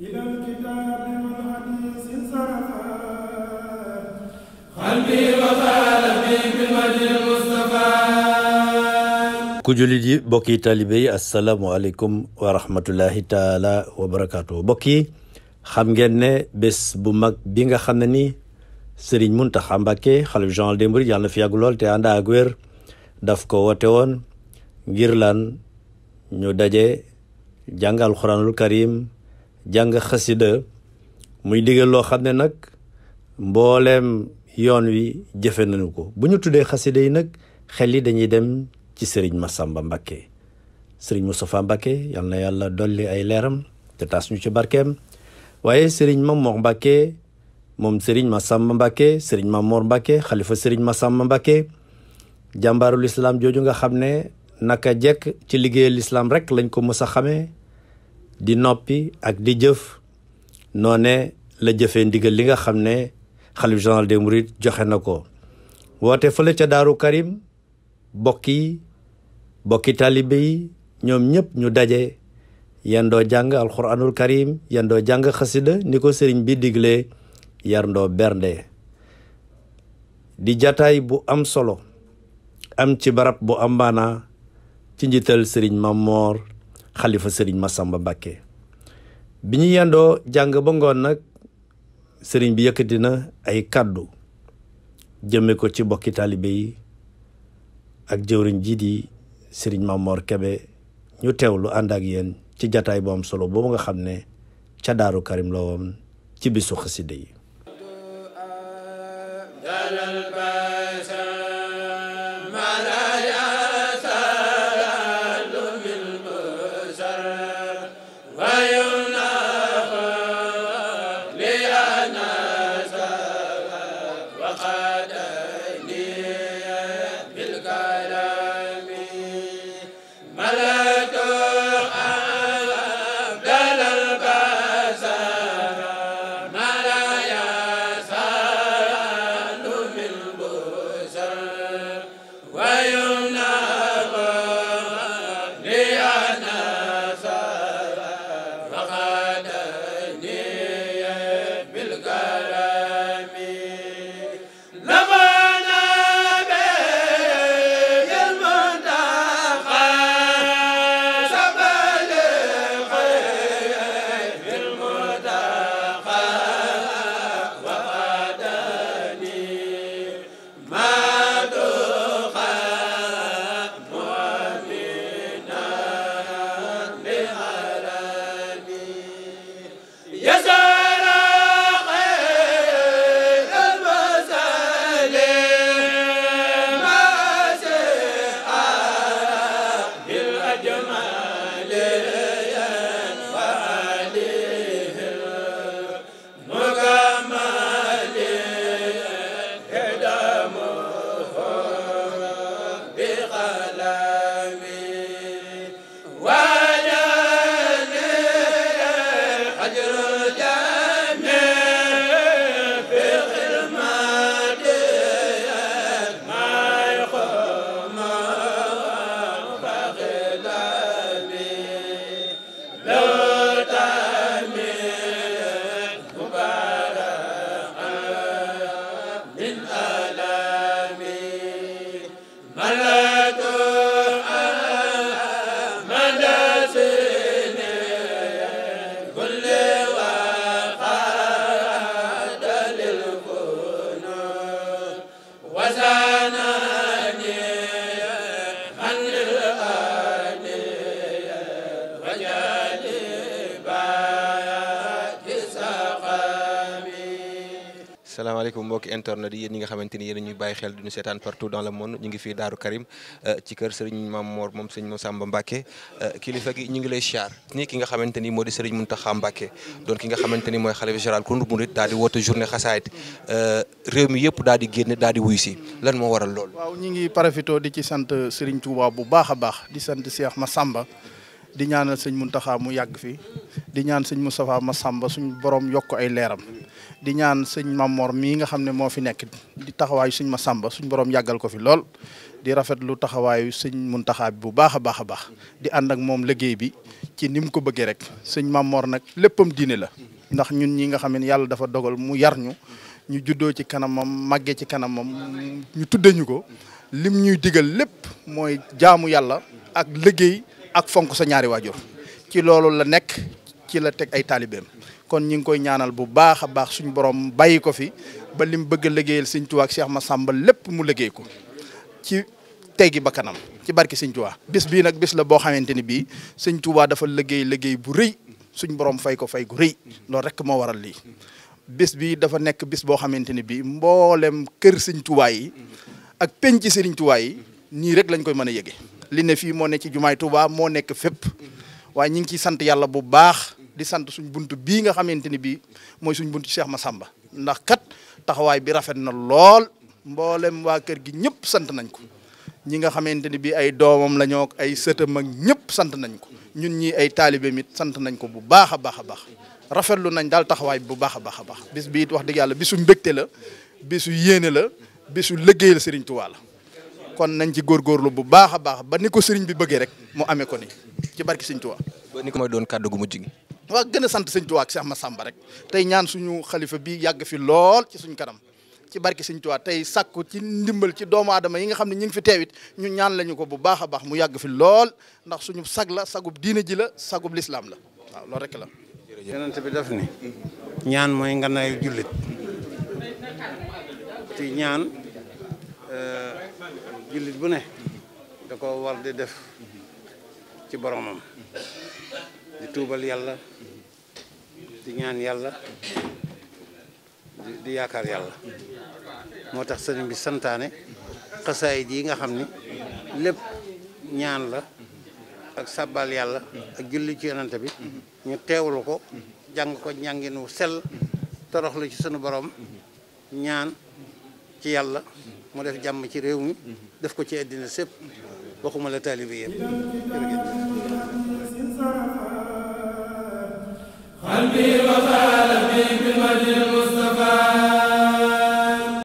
ku jullit yi mbokk yi taalibe yi asalaamualeykum wa rahmatullahi taala wa barakaatu mbokk yi xam ngeen ne bés bu mag bi nga xam ne ni Serigne Mountakha Mbacké xalif général des mourides daf ko woote woon ngir lan ñu daje jàng alxuraanul karim jàng xasida muy digal loo xam ne nag mbooleem yoon wi jëfe nañu ko bu ñu tuddee xasida yi nag xel yi dañuy dem ci sëriñ Massamba Mbakke sëriñ Moustapha Mbakke yal na yàlla dolli ay leeram te ci barkeem waaye sëriñ Mamor Mbakke moom sëriñ Massamba Mbakke sëriñ Mamor Mbakke xalifa sëriñ Massamba Mbakke jàmbaarul lislaam jooju nga xam ne naka jekk ci liggéeyal lislaam rek lañ ko mës a xamee di noppi ak di jëf noone la jëfee ndigal li nga xam ne xalif général des mourides joxe na ko woote fële ca daaru karim bokk bokki taalibe yi ñoom ñëpp ñu daje yendoo jàng alxuraanul karim yendoo jàng xasida ni ko sëriñ bi diglee yarndoo bernde di jataay bu am solo am ci barab bu am maanaa ci njiital sëriñ Mamor xalifa sëriñ Massamba Mbàkke bi ñu yendoo jàng ba ngoon nag sëriñ bi yëkkati na ay kàddu jëme ko ci bokki taalibe yi ak jëwriñ jii di sëriñ Mamor Kebe ñu teewlu ànd ak yéen ci jataay bu solo boobu nga xam ne ca Daaru Karim la woon ci bisu xasida yi Sayyidina asalaamaaleykum mbokki internet yi yéen ñi nga xamante ni yéen ñuy bàyyi xel di ñu seetaan partout dans le monde ñu ngi fii Daaru Karim euh, ci kër Serigne Mame Mor moom Serigne Massamba Mbacké euh, kilifa gi ñu ngi lay siyaar nii ki nga xamante ni moo di Serigne Mountakha Mbacké doon ki nga xamante ni mooy xalifa général ku murid daal di woote journée xasaayit euh, réew mi yëpp daal di daal di wuyu si lan moo waral lool. waaw ñu ngi profité di ci sant Serigne Touba bu baax a baax di sant Cheikh Massamba di ñaanal sëñ Mountakha mu yàgg fi di ñaan sëñ ma sàmba suñu borom yokk ay leeram di ñaan sëñ Mamor mii nga xam ne moo fi nekk di taxawaayu ma Masamba suñ borom yàggal ko fi lool di rafet lu taxawaayu sëñ Muntaxa bi bu baax a baax a baax di ànd ak moom liggéey bi ci ni mu ko bëggee rek sëñ Mamor nag léppam diine la ndax ñun ñi nga xam ne yàlla dafa dogal mu yar ñu ñu juddoo ci kanamam màggee ci kanamam ñu tudde ko lim ñuy digal lépp mooy jaamu yàlla ak liggéey ak fonk sa ñaari waajur ci loolu la nekk ci la teg ay taalibeem kon ñi ngi koy ñaanal bu baax a baax suñu borom bàyyi ko fi ba lim bëgg a liggéeyal sëñ Tuubaa ak Cheikh Massamba lépp mu liggéey ko ci teggi ba kanam ci barki sëñ Tuubaa bis bii nag bis la boo xamante ni bii sëñ dafa liggéey liggéey bu rëy suñ borom fay ko fay gu rëy loolu rek moo waral lii bis bi dafa nekk bis boo xamante ni bii mboolem kër sëñ Tuubaa yi ak penc sëriñ Tuubaa yi nii rek lañ koy mën a yëge li ne fii moo ne ci jumaay tubaa moo nekk fépp waaye ñi ngi ciy sant yàlla bu baax di sant suñ bunt bii nga xamante ni bii mooy suñ bunt ma sàmba ndax kat taxawaay bi rafet na lool mboolem waa kër gi ñëpp sant nañ ko ñi nga xamante ni bii ay doomam la ñoo ay sëtam ak ñëpp sant nañ ko ñun ñi ay taalibeem it sant nañ ko bu baax a baax a baax rafetlu nañ daal taxawaay bi bu baax a baax a baax bis bi wax dëgg yàlla bisu mbégte la bisu yéene la bisu liggéey la Serigne Touba la kon nañ ci góor góorlu bu baax a baax ba ni ko Serigne bi bëggee rek mu amee ko ni ci barki Serigne Touba. ba ni ko doon kàddu gu waa gën a sant sëñ Tuubaa ak Seex Masamba rek tey ñaan suñu xalifa bi yàgg fi lool ci suñ kanam ci barke sëñ Tuubaa tey sàkku ci ndimbal ci doomu aadama yi nga xam ne ñu ngi fi teewit ñu ñaan lañu ko bu baax a baax mu yàgg fi lool ndax suñu sag la sagub diine ji la sagub lislaam la waaw loolu rek la. yonent bi daf ni ñaan mooy nganaayu jullit te ñaan euh, jullit bu ne da ko war di def ci boromam. di tuubal yàlla di ñaan yàlla di yaakaar yàlla moo tax sëriñ bi santaane xasaayid yi nga xam ni lépp ñaan la ak sàbbal yàlla ak julli ci yonante bi ñu teewlu ko jàng ko njàngin wu sell toroxlu ci sunu borom ñaan ci yàlla mu def jàmm ci réew mi def ko ci àddina sépp waxuma la taalibe yëpp قلبي وقلبي بالمدينة